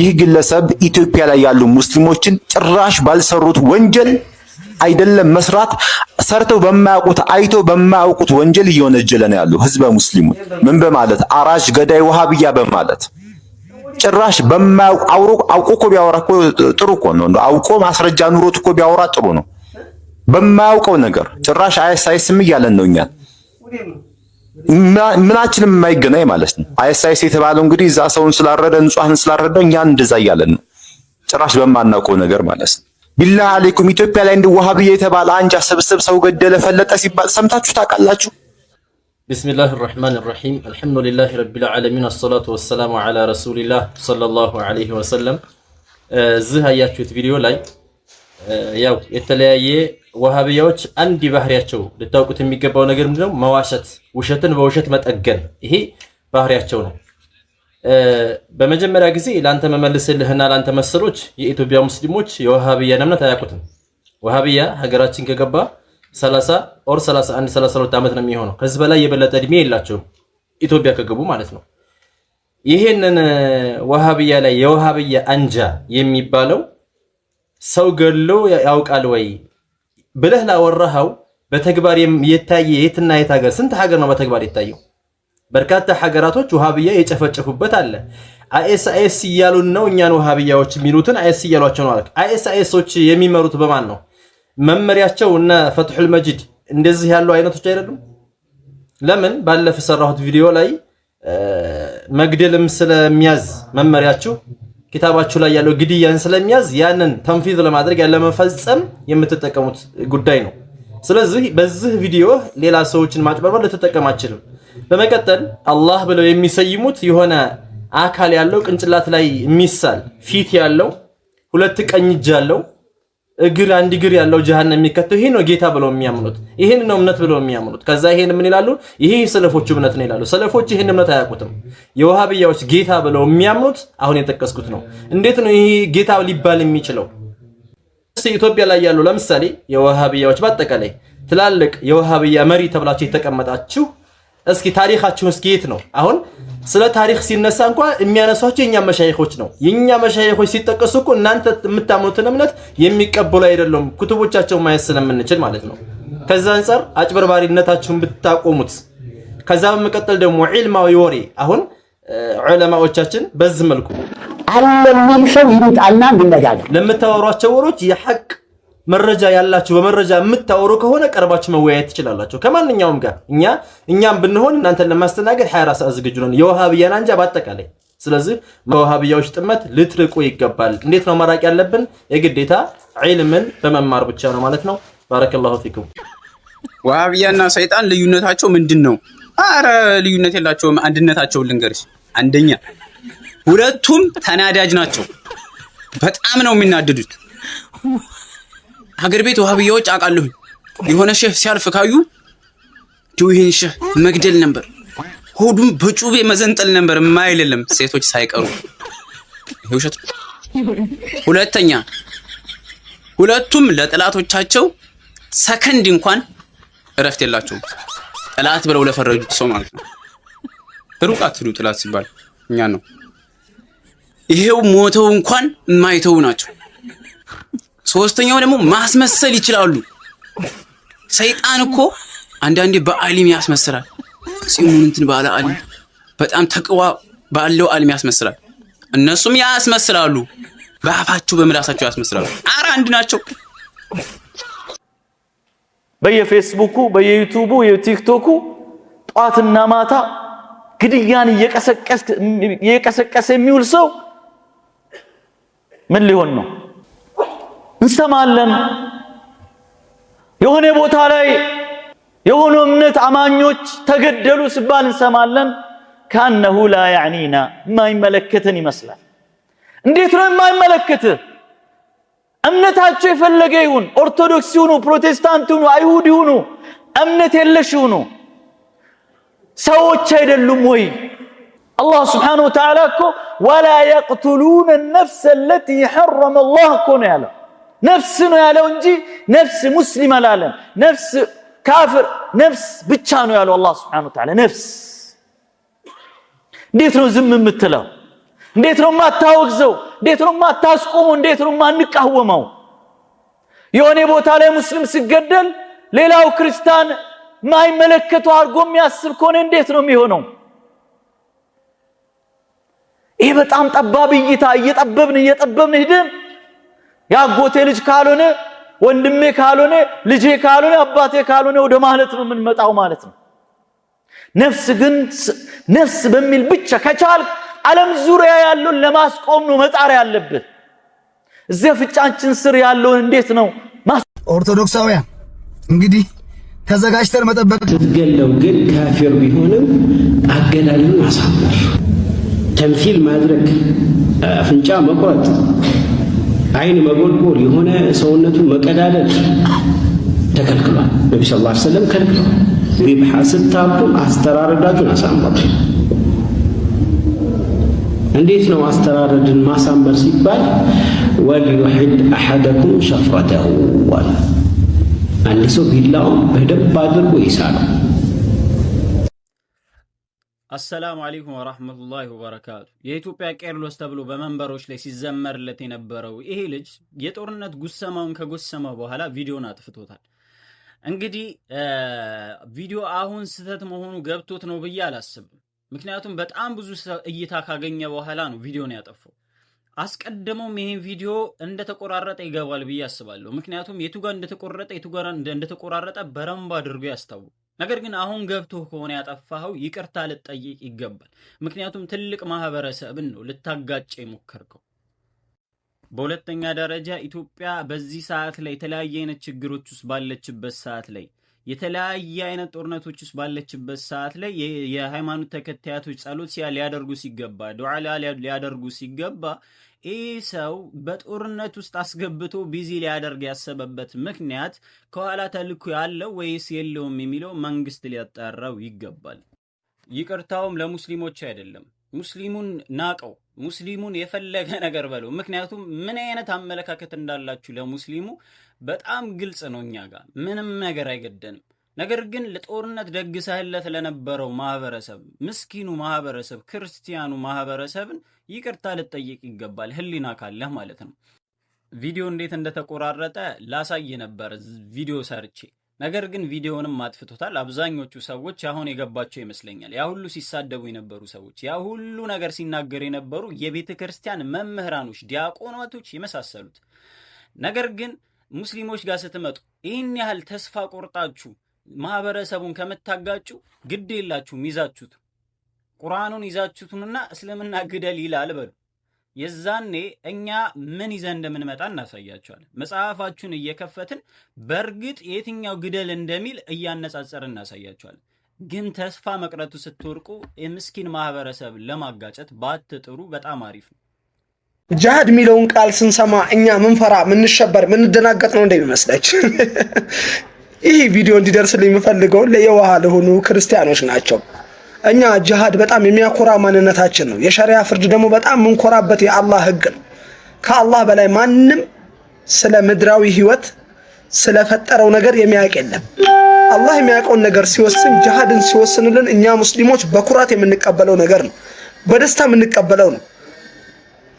ይህ ግለሰብ ኢትዮጵያ ላይ ያሉ ሙስሊሞችን ጭራሽ ባልሰሩት ወንጀል አይደለም መስራት ሰርተው በማያውቁት አይተው በማያውቁት ወንጀል እየወነጀለ ነው ያለው ህዝበ ሙስሊሙን ምን በማለት አራጅ፣ ገዳይ፣ ወሃብያ በማለት ጭራሽ በማያውቁ አውቆ እኮ ቢያወራ እኮ ጥሩ እኮ ነው። አውቆ ማስረጃ ኑሮት እኮ ቢያወራ ጥሩ ነው። በማያውቀው ነገር ጭራሽ አያሳይስም እያለን ነው እኛን ምናችንም የማይገናኝ ማለት ነው። አይኤስአይኤስ የተባለው እንግዲህ እዛ ሰውን ስላረደ ንጹሐን ስላረደ እኛ እንደዛ እያለን ነው፣ ጭራሽ በማናውቀው ነገር ማለት ነው። ቢላ አሌይኩም ኢትዮጵያ ላይ እንዲህ ዋሃብያ የተባለ አንጃ ስብስብ ሰው ገደለ ፈለጠ ሲባል ሰምታችሁ ታውቃላችሁ? ቢስሚላህ ራህማን ራሒም አልሐምዱሊላህ ረቢል ዓለሚን አሰላቱ ወሰላሙ ዓላ ረሱሊላህ ሰለላሁ ዓለይሂ ወሰለም። እዚህ ያያችሁት ቪዲዮ ላይ ያው የተለያየ ወሃብያዎች አንድ ባህሪያቸው ልታውቁት የሚገባው ነገር ምንድነው? መዋሸት፣ ውሸትን በውሸት መጠገን፣ ይሄ ባህሪያቸው ነው። በመጀመሪያ ጊዜ ለአንተ መመልስልህና ለአንተ መሰሎች የኢትዮጵያ ሙስሊሞች የወሃብያን እምነት አያውቁትም። ወሃብያ ሀገራችን ከገባ 30 ኦር 31 32 ዓመት ነው የሚሆነው። ከዚህ በላይ የበለጠ እድሜ የላቸውም ኢትዮጵያ ከገቡ ማለት ነው። ይህንን ወሃብያ ላይ የወሃብያ አንጃ የሚባለው ሰው ገሎ ያውቃል ወይ ብለህ ላወራኸው በተግባር የታየ የትና የት ሀገር ስንት ሀገር ነው በተግባር የታየው? በርካታ ሀገራቶች ውሃብያ የጨፈጨፉበት አለ። አይኤስ አይኤስ እያሉን ነው እኛን ውሃብያዎች የሚሉትን አይኤስ እያሏቸው ነው አልክ። አይኤስ አይኤሶች የሚመሩት በማን ነው? መመሪያቸው እነ ፈትሑል መጂድ እንደዚህ ያሉ አይነቶች አይደሉም። ለምን ባለፈ ሰራሁት ቪዲዮ ላይ መግደልም ስለሚያዝ መመሪያችሁ ኪታባችሁ ላይ ያለው ግድያን ስለሚያዝ ያንን ተንፊዝ ለማድረግ ያለ መፈጸም የምትጠቀሙት ጉዳይ ነው። ስለዚህ በዚህ ቪዲዮ ሌላ ሰዎችን ማጭበርበር ልትጠቀም አችልም። በመቀጠል አላህ ብለው የሚሰይሙት የሆነ አካል ያለው ቅንጭላት ላይ የሚሳል ፊት ያለው ሁለት ቀኝ እጅ ያለው እግር አንድ እግር ያለው ጀሃነም የሚከተው ይሄ ነው ጌታ ብለው የሚያምኑት ይሄን ነው እምነት ብለው የሚያምኑት። ከዛ ይሄን ምን ይላሉ? ይሄ ሰለፎቹ እምነት ነው ይላሉ። ሰለፎች ይሄን እምነት አያውቁትም። የውሃብያዎች ጌታ ብለው የሚያምኑት አሁን የጠቀስኩት ነው። እንዴት ነው ይሄ ጌታ ሊባል የሚችለው? ኢትዮጵያ ላይ ያሉ ለምሳሌ የውሃብያዎች በአጠቃላይ ትላልቅ የውሃብያ መሪ ተብላችሁ የተቀመጣችሁ እስኪ ታሪካችሁ እስኪ የት ነው አሁን ስለ ታሪክ ሲነሳ እንኳ የሚያነሷቸው የኛ መሻይኮች ነው። የኛ መሻይኮች ሲጠቀሱ እኮ እናንተ የምታምኑትን እምነት የሚቀበሉ አይደለም፣ ኩቱቦቻቸው ማየት ስለምንችል ማለት ነው። ከዛ አንጻር አጭበርባሪነታችሁን ብታቆሙት። ከዛ በመቀጠል ደግሞ ዒልማዊ ወሬ አሁን ዑለማዎቻችን በዚህ መልኩ አለ የሚል ሰው ይምጣና እንነጋገር ለምታወሯቸው ወሮች የሐቅ መረጃ ያላችሁ በመረጃ የምታወሩ ከሆነ ቀርባችሁ መወያየት ትችላላችሁ ከማንኛውም ጋር። እኛ እኛም ብንሆን እናንተን ለማስተናገድ 24 ሰዓት ዝግጁ ነን፣ የውሃብያን አንጃ በአጠቃላይ። ስለዚህ ከውሃብያዎች ጥመት ልትርቁ ይገባል። እንዴት ነው መራቅ ያለብን? የግዴታ ዒልምን በመማር ብቻ ነው ማለት ነው። ባረከላሁ ፊኩም። ውሃብያና ሰይጣን ልዩነታቸው ምንድን ነው? አረ ልዩነት የላቸውም። አንድነታቸውን ልንገርሽ። አንደኛ ሁለቱም ተናዳጅ ናቸው። በጣም ነው የሚናድዱት። ሀገር ቤት ውሃብያዎች አውቃለሁ። የሆነ ሼህ ሲያልፍ ካዩ ዲው ይህን ሼህ መግደል ነበር፣ ሆዱም በጩቤ መዘንጠል ነበር ማይልልም ሴቶች ሳይቀሩ ውሸት። ሁለተኛ ሁለቱም ለጠላቶቻቸው ሰከንድ እንኳን እረፍት የላቸውም። ጠላት ብለው ለፈረጁት ሰው ማለት ነው። ሩቅ አትሉ። ጠላት ሲባል እኛ ነው። ይሄው ሞተው እንኳን የማይተው ናቸው። ሶስተኛው ደግሞ ማስመሰል ይችላሉ። ሰይጣን እኮ አንዳንዴ በአሊም ያስመስላል። ፂሙን እንትን ባለ አሊም በጣም ተቅዋ ባለው አሊም ያስመስላል። እነሱም ያስመስላሉ፣ በአፋቸው በምላሳቸው ያስመስላሉ። አረ አንድ ናቸው። በየፌስቡኩ በየዩቱቡ የቲክቶኩ ጧትና ማታ ግድያን እየቀሰቀሰ የሚውል ሰው ምን ሊሆን ነው? እንሰማለን። የሆነ ቦታ ላይ የሆኑ እምነት አማኞች ተገደሉ ሲባል እንሰማለን። ካነሁ ላ ያዕኒና የማይመለከትን ይመስላል። እንዴት ነው የማይመለከት እምነታቸው የፈለገ ይሁን፣ ኦርቶዶክስ ይሁኑ፣ ፕሮቴስታንት ይሁኑ፣ አይሁድ ይሁኑ፣ እምነት የለሽ ይሁኑ፣ ሰዎች አይደሉም ወይ? አላህ ስብሓነሁ ወተዓላ እኮ ወላ የቅትሉነ ነፍሰ አለቲ ሐረመ አላህ እኮ ነው ያለው ነፍስ ነው ያለው እንጂ ነፍስ ሙስሊም አላለም። ነፍስ ካፍር፣ ነፍስ ብቻ ነው ያለው አላህ ስብሐነሁ ወተዓላ። ነፍስ እንዴት ነው ዝም የምትለው? እንዴት ነው የማታወግዘው? እንዴት ነው የማታስቆመው? እንዴት ነው የማንቃወመው? የሆነ ቦታ ላይ ሙስሊም ሲገደል ሌላው ክርስቲያን የማይመለከተው አድርጎ የሚያስብ ከሆነ እንዴት ነው የሚሆነው? ይህ በጣም ጠባብ እይታ እየጠበብን እየጠበብን ሂደን ያጎቴ ልጅ ካልሆነ ወንድሜ ካልሆነ ልጄ ካልሆነ አባቴ ካልሆነ ወደ ማለት ነው የምንመጣው ማለት ነው። ነፍስ ግን ነፍስ በሚል ብቻ ከቻል ዓለም ዙሪያ ያለውን ለማስቆም ነው መጣር ያለብን። እዚህ ፍጫችን ስር ያለውን እንዴት ነው ኦርቶዶክሳውያን እንግዲህ ተዘጋጅተን መጠበቅ ስትገለው ግን ካፊር ቢሆንም አገላልን ማሳመር፣ ተምሲል ማድረግ፣ አፍንጫ መቁረጥ አይን መጎልጎል፣ የሆነ ሰውነቱ መቀዳደድ ተከልክሏል። ነቢ ስ ላ ሰለም ከልክሏል። ሪብሓ ስታጡም አስተራረዳችሁን አሳምሩ። እንዴት ነው አስተራረድን ማሳመር ሲባል ወልዩሕድ አሐደኩም ሸፍረተሁ አለ። አንድ ሰው ቢላውም በደንብ አድርጎ ይሳለው አሰላሙ አለይኩም ወራህመቱላሂ ወበረካቱ። የኢትዮጵያ ቄርሎስ ተብሎ በመንበሮች ላይ ሲዘመርለት የነበረው ይሄ ልጅ የጦርነት ጉሰማውን ከጎሰማ በኋላ ቪዲዮን አጥፍቶታል። እንግዲህ ቪዲዮ አሁን ስህተት መሆኑ ገብቶት ነው ብዬ አላስብም። ምክንያቱም በጣም ብዙ እይታ ካገኘ በኋላ ነው ቪዲዮን ያጠፋው። አስቀድመውም ይህን ቪዲዮ እንደተቆራረጠ ይገባል ብዬ አስባለሁ። ምክንያቱም የቱጋ እንደተቆረጠ የቱጋ እንደተቆራረጠ በረንብ አድርጎ ያስታውቅ ነገር ግን አሁን ገብቶ ከሆነ ያጠፋኸው ይቅርታ ልጠይቅ ይገባል። ምክንያቱም ትልቅ ማህበረሰብን ነው ልታጋጭ የሞከርከው። በሁለተኛ ደረጃ ኢትዮጵያ በዚህ ሰዓት ላይ የተለያየ አይነት ችግሮች ውስጥ ባለችበት ሰዓት ላይ የተለያየ አይነት ጦርነቶች ውስጥ ባለችበት ሰዓት ላይ የሃይማኖት ተከታያቶች ጸሎት ሊያደርጉ ሲገባ ዱዓ ሊያደርጉ ሲገባ ይህ ሰው በጦርነት ውስጥ አስገብቶ ቢዚ ሊያደርግ ያሰበበት ምክንያት ከኋላ ተልኩ ያለው ወይስ የለውም የሚለው መንግስት ሊያጣራው ይገባል። ይቅርታውም ለሙስሊሞች አይደለም። ሙስሊሙን ናቀው፣ ሙስሊሙን የፈለገ ነገር በለው። ምክንያቱም ምን አይነት አመለካከት እንዳላችሁ ለሙስሊሙ በጣም ግልጽ ነው። እኛ ጋር ምንም ነገር አይገደንም። ነገር ግን ለጦርነት ደግሰህለት ለነበረው ማህበረሰብ ምስኪኑ ማህበረሰብ ክርስቲያኑ ማህበረሰብን ይቅርታ ልጠይቅ ይገባል፣ ህሊና ካለህ ማለት ነው። ቪዲዮ እንዴት እንደተቆራረጠ ላሳይ ነበር ቪዲዮ ሰርቼ፣ ነገር ግን ቪዲዮንም አጥፍቶታል። አብዛኞቹ ሰዎች አሁን የገባቸው ይመስለኛል። ያ ሁሉ ሲሳደቡ የነበሩ ሰዎች፣ ያ ሁሉ ነገር ሲናገር የነበሩ የቤተ ክርስቲያን መምህራኖች፣ ዲያቆናቶች የመሳሰሉት ነገር ግን ሙስሊሞች ጋር ስትመጡ ይህን ያህል ተስፋ ቆርጣችሁ ማህበረሰቡን ከምታጋጩ ግድ የላችሁም ይዛችሁት ቁርአኑን ይዛችሁትንና እስልምና ግደል ይላል በሉ። የዛኔ እኛ ምን ይዘን እንደምንመጣ እናሳያቸዋለን። መጽሐፋችሁን እየከፈትን በእርግጥ የትኛው ግደል እንደሚል እያነጻጸር እናሳያቸዋለን። ግን ተስፋ መቅረቱ ስትወርቁ የምስኪን ማህበረሰብ ለማጋጨት ባትጥሩ በጣም አሪፍ ነው። ጃሃድ የሚለውን ቃል ስንሰማ እኛ ምንፈራ፣ ምንሸበር፣ ምንደናገጥ ነው እንደሚመስለች ይህ ቪዲዮ እንዲደርስልኝ የምፈልገው ለየዋሃ ለሆኑ ክርስቲያኖች ናቸው። እኛ ጅሃድ በጣም የሚያኮራ ማንነታችን ነው። የሸሪያ ፍርድ ደግሞ በጣም የምንኮራበት የአላህ ህግ ነው። ከአላህ በላይ ማንም ስለ ምድራዊ ህይወት ስለፈጠረው ነገር የሚያውቅ የለም። አላህ የሚያውቀውን ነገር ሲወስን ጅሃድን ሲወስንልን እኛ ሙስሊሞች በኩራት የምንቀበለው ነገር ነው። በደስታ የምንቀበለው ነው።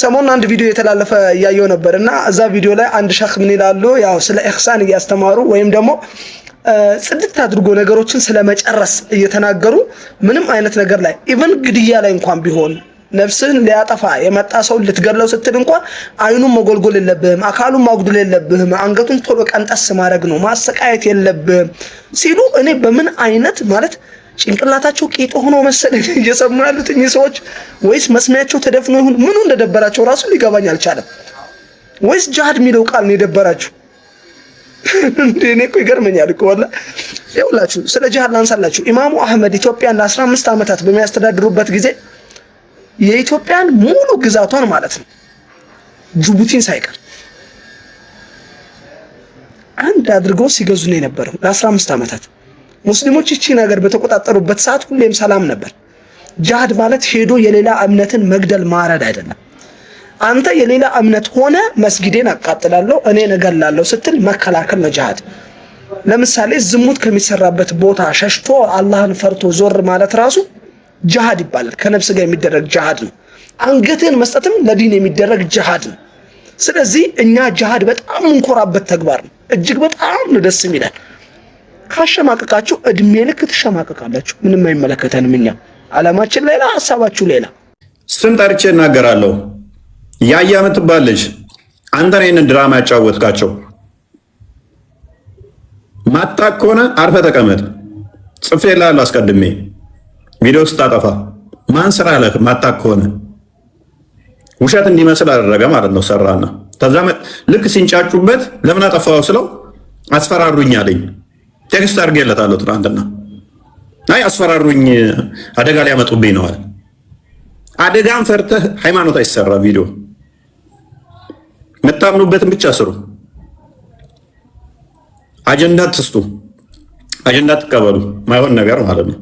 ሰሞኑን አንድ ቪዲዮ የተላለፈ እያየው ነበር እና እዛ ቪዲዮ ላይ አንድ ሸክ ምን ይላሉ? ያው ስለ ኢህሳን እያስተማሩ ወይም ደግሞ ጽድት አድርጎ ነገሮችን ስለመጨረስ እየተናገሩ ምንም አይነት ነገር ላይ ኢቨን ግድያ ላይ እንኳን ቢሆን ነፍስህን ሊያጠፋ የመጣ ሰው ልትገድለው ስትል እንኳን አይኑን መጎልጎል የለብህም፣ አካሉን ማጉደል የለብህም፣ አንገቱን ቶሎ ቀንጠስ ማድረግ ነው፣ ማሰቃየት የለብህም ሲሉ እኔ በምን አይነት ማለት ጭንቅላታቸው ቄጦ ሆኖ መሰለኝ እየሰሙ ያሉት እኚህ ሰዎች ወይስ መስሚያቸው ተደፍኖ ይሁን ምኑ እንደደበራቸው ራሱ ሊገባኝ አልቻለም። ወይስ ጃሃድ የሚለው ቃል ነው የደበራቸው? እንደ እኔ እኮ ይገርመኛል እኮ ወላሂ። ይኸውላችሁ ስለ ጅሃድ ላንሳላችሁ። ኢማሙ አህመድ ኢትዮጵያን ለ15 ዓመታት በሚያስተዳድሩበት ጊዜ የኢትዮጵያን ሙሉ ግዛቷን ማለት ነው ጅቡቲን ሳይቀር አንድ አድርገው ሲገዙ ነው የነበረው ለ15 ዓመታት። ሙስሊሞች እቺ ነገር በተቆጣጠሩበት ሰዓት ሁሌም ሰላም ነበር። ጅሃድ ማለት ሄዶ የሌላ እምነትን መግደል ማረድ አይደለም። አንተ የሌላ እምነት ሆነ መስጊዴን አቃጥላለሁ እኔ ነገላለሁ ስትል መከላከል ነው ለምሳሌ ዝሙት ከሚሰራበት ቦታ ሸሽቶ አላህን ፈርቶ ዞር ማለት ራሱ ጅሃድ ይባላል። ከነፍስ ጋር የሚደረግ ጅሃድ ነው። አንገትህን መስጠትም ለዲን የሚደረግ ጅሃድ ነው። ስለዚህ እኛ ጅሃድ በጣም እንኮራበት ተግባር ነው። እጅግ በጣም ነው ደስ የሚላል። ካሸማቀቃችሁ እድሜ ልክ ትሸማቀቃላችሁ። ምንም አይመለከተንም። እኛ አላማችን ሌላ፣ ሀሳባችሁ ሌላ። ስም ጠርቼ እናገራለሁ። ያያ ምትባል ልጅ አንተን ይህንን ድራማ ያጫወትካቸው ማታ ከሆነ አርፈ ተቀመጥ። ጽፌ ላል አስቀድሜ ቪዲዮ ስታጠፋ ማን ስራ አለ። ማታ ከሆነ ውሸት እንዲመስል አደረገ ማለት ነው። ሰራና ከዛ ልክ ሲንጫጩበት ለምን አጠፋው ስለው አስፈራሩኝ አለኝ። ቴክስት አድርጌለታለሁ ትናንትና። አይ አስፈራሩኝ፣ አደጋ ሊያመጡብኝ ነዋል። አደጋን ፈርተህ ሃይማኖት አይሰራ ቪዲዮ የምታምኑበትን ብቻ ስሩ። አጀንዳ ትስጡ፣ አጀንዳ ትቀበሉ። ማይሆን ነገር ማለት ነው።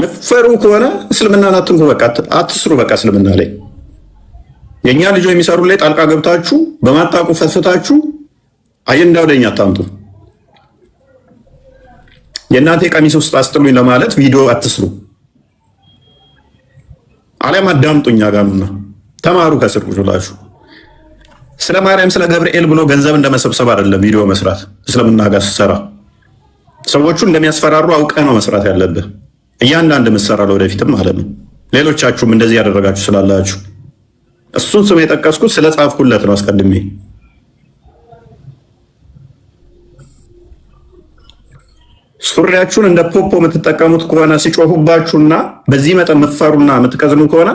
ምፈሩ ከሆነ እስልምና አትንኩ። በቃ አትስሩ። በቃ እስልምና ላይ የእኛ ልጆ የሚሰሩ ላይ ጣልቃ ገብታችሁ በማጣቁ ፈትፍታችሁ አጀንዳ ወደኛ አታምጡ። የእናንተ ቀሚስ ውስጥ አስጥሉኝ ለማለት ቪዲዮ አትስሩ። አሊያም አዳምጡኛ ጋምና ተማሩ ከስር ቁጭ ብላችሁ ስለ ማርያም ስለ ገብርኤል ብሎ ገንዘብ እንደመሰብሰብ አይደለም ቪዲዮ መስራት። እስልምና ጋር ስትሰራ ሰዎቹ እንደሚያስፈራሩ አውቀህ ነው መስራት ያለብህ። እያንዳንድ ምሰራ ለወደፊትም ማለት ነው። ሌሎቻችሁም እንደዚህ ያደረጋችሁ ስላላችሁ እሱን ስም የጠቀስኩት ስለ ጻፍኩለት ነው አስቀድሜ ሱሪያችሁን እንደ ፖፖ የምትጠቀሙት ከሆነ ሲጮሁባችሁና በዚህ መጠን የምትፈሩና የምትቀዝኑ ከሆነ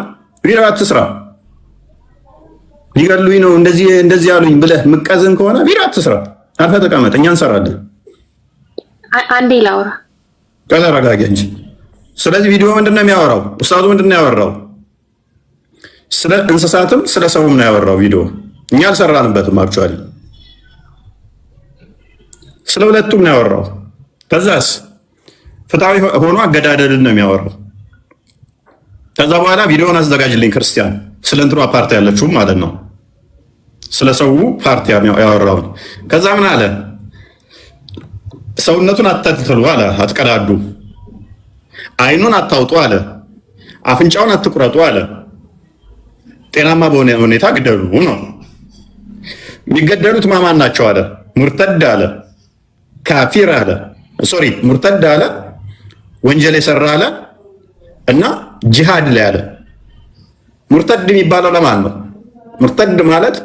ቪዲዮ አትስራ። ሊገሉኝ ነው እንደዚህ እንደዚህ ያሉኝ ብለህ የምትቀዝን ከሆነ ቪዲዮ አትስራ። አልፈ ተቀመጥ፣ እኛ እንሰራለን። አንዴ ላውራ። ተረጋጋ እንጂ። ስለዚህ ቪዲዮ ምንድነው የሚያወራው? ኡስታዙ ምንድነው ያወራው? ስለ እንስሳትም ስለ ሰውም ነው ያወራው ቪዲዮ። እኛ አልሰራንበትም። አክቹዋሊ ስለ ሁለቱም ነው ያወራው። ከዛስ ፍትሐዊ ሆኖ አገዳደልን ነው የሚያወራው። ከዛ በኋላ ቪዲዮን አዘጋጅልኝ ክርስቲያን፣ ስለ እንትኗ ፓርቲ ያለችው ማለት ነው ስለ ሰው ፓርቲ ያወራውን። ከዛ ምን አለ? ሰውነቱን አታትትሉ አለ፣ አትቀዳዱ። አይኑን አታውጡ አለ፣ አፍንጫውን አትቁረጡ አለ፣ ጤናማ በሆነ ሁኔታ ግደሉ ነው። የሚገደሉት ማማን ናቸው አለ፣ ሙርተድ አለ፣ ካፊር አለ ሶሪ ሙርተድ አለ፣ ወንጀል የሰራ አለ እና ጂሃድ ላይ አለ። ሙርተድ የሚባለው ለማን ነው? ሙርተድ ማለት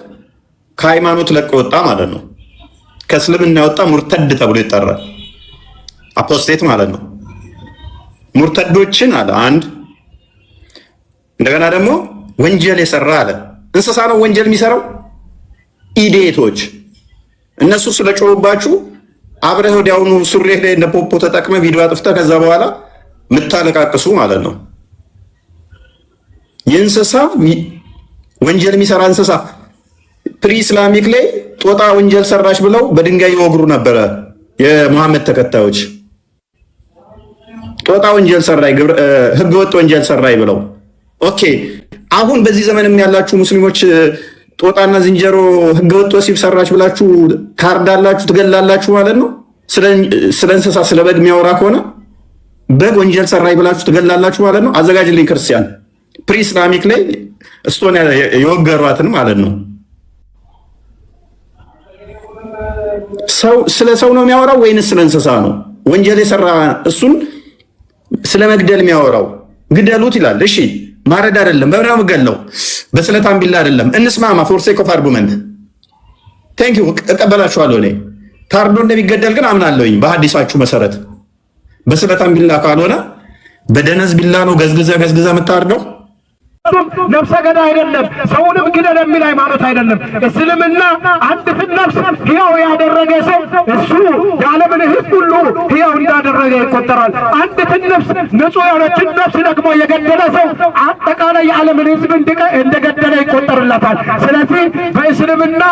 ከሃይማኖት ለቆ ወጣ ማለት ነው። ከእስልምና የወጣ ሙርተድ ተብሎ ይጠራል። አፖስቴት ማለት ነው። ሙርተዶችን አለ አንድ እንደገና ደግሞ ወንጀል የሰራ አለ። እንስሳ ነው ወንጀል የሚሰራው ኢዴቶች እነሱ ስለጮሁባችሁ አብረህ ወዲያውኑ ሱሪህ ላይ እንደ ፖፖ ተጠቅመ ቪዲዮ አጥፍተህ ከዛ በኋላ የምታነቃቅሱ ማለት ነው። የእንስሳ ወንጀል የሚሰራ እንስሳ ፕሪ ኢስላሚክ ላይ ጦጣ ወንጀል ሰራሽ ብለው በድንጋይ ይወግሩ ነበረ የሙሐመድ ተከታዮች። ጦጣ ወንጀል ሰራይ፣ ህገወጥ ወንጀል ሰራይ ብለው ኦኬ። አሁን በዚህ ዘመንም ያላችሁ ሙስሊሞች ጦጣና ዝንጀሮ ህገወጥ ወሲብ ሰራች ብላችሁ ታርዳላችሁ፣ ትገላላችሁ ማለት ነው። ስለ እንስሳ ስለ በግ የሚያወራ ከሆነ በግ ወንጀል ሰራች ብላችሁ ትገላላችሁ ማለት ነው። አዘጋጅልኝ ክርስቲያን ፕሪስላሚክ ላይ እስቶኒያ የወገሯትን ማለት ነው። ስለ ሰው ነው የሚያወራው ወይንስ ስለ እንስሳ ነው? ወንጀል የሰራ እሱን ስለ መግደል የሚያወራው ግደሉት ይላል። እሺ ማረድ አይደለም፣ በምናም ገለው በስለታም ቢላ አይደለም። እንስማማ ፎር ሴክ ኦፍ አርጉመንት ቴንክ ዩ እቀበላችኋለሁ። እኔ ታርዶ እንደሚገደል ግን አምናለሁኝ በሀዲሳችሁ መሰረት። በስለታም ቢላ ካልሆነ በደነዝ ቢላ ነው ገዝግዘ ገዝግዘ የምታርደው። ፍጹም ነፍሰ ገዳ አይደለም፣ ሰውንም ግደል የሚል ሃይማኖት አይደለም። እስልምና አንድ ፍት ነፍስ ሕያው ያደረገ ሰው እሱ የዓለምን ሕዝብ ሁሉ ሕያው እንዳደረገ ይቆጠራል። አንድ ነፍስ ንጹሕ የሆነችን ነፍስ ደግሞ የገደለ ሰው አጠቃላይ የዓለምን ሕዝብ እንደገደለ ይቆጠርለታል። ስለዚህ በእስልምና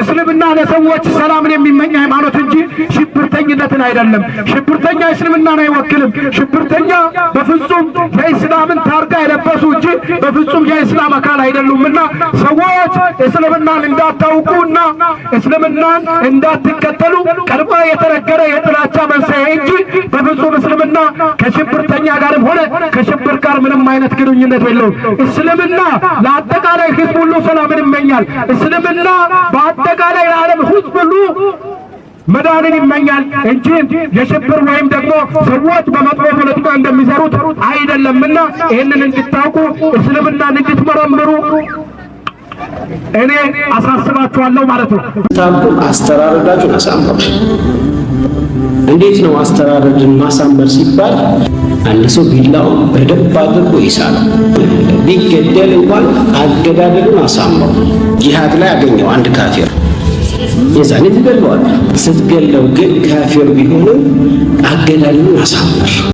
እስልምና ለሰዎች ሰላምን የሚመኝ ሃይማኖት እንጂ ሽብርተኝነትን አይደለም። ሽብርተኛ እስልምናን አይወክልም። ሽብርተኛ በፍጹም የእስላምን ታርጋ የለበሱ እንጂ በፍጹም የእስላም አካል አይደሉምና ሰዎች እስልምናን እንዳታውቁና እስልምናን እንዳትከተሉ ቀርባ የተነገረ የጥላቻ መንስኤ እንጂ በፍጹም እስልምና ከሽብርተኛ ጋርም ሆነ ከሽብር ጋር ምንም አይነት ግንኙነት የለውም። እስልምና ለአጠቃላይ ህዝብ ሁሉ ሰላምን ይመኛል። እስልምና በአጠቃላይ ለዓለም ህዝብ ሁሉ መዳንን ይመኛል እንጂ የሽብር ወይም ደግሞ ሰዎች በመጥፎ ፖለቲካ እንደሚሰሩት አይደለምና ይህንን እንድታውቁ እስልምናን እንድትመረምሩ እኔ አሳስባችኋለሁ ማለት ነው። ታምቁ አስተራረዳችሁን አሳምሩ። እንዴት ነው አስተራረድን ማሳመር ሲባል አንድ ሰው ቢላውን በደንብ አድርጎ ይሳል፣ ቢገደል እንኳን አገዳደሉን አሳምሩ። ጂሃድ ላይ አገኘው አንድ ካፊር የዛኔ ትገለዋል። ስትገለው ግን ካፊር ቢሆንም አገዳልን አሳምር።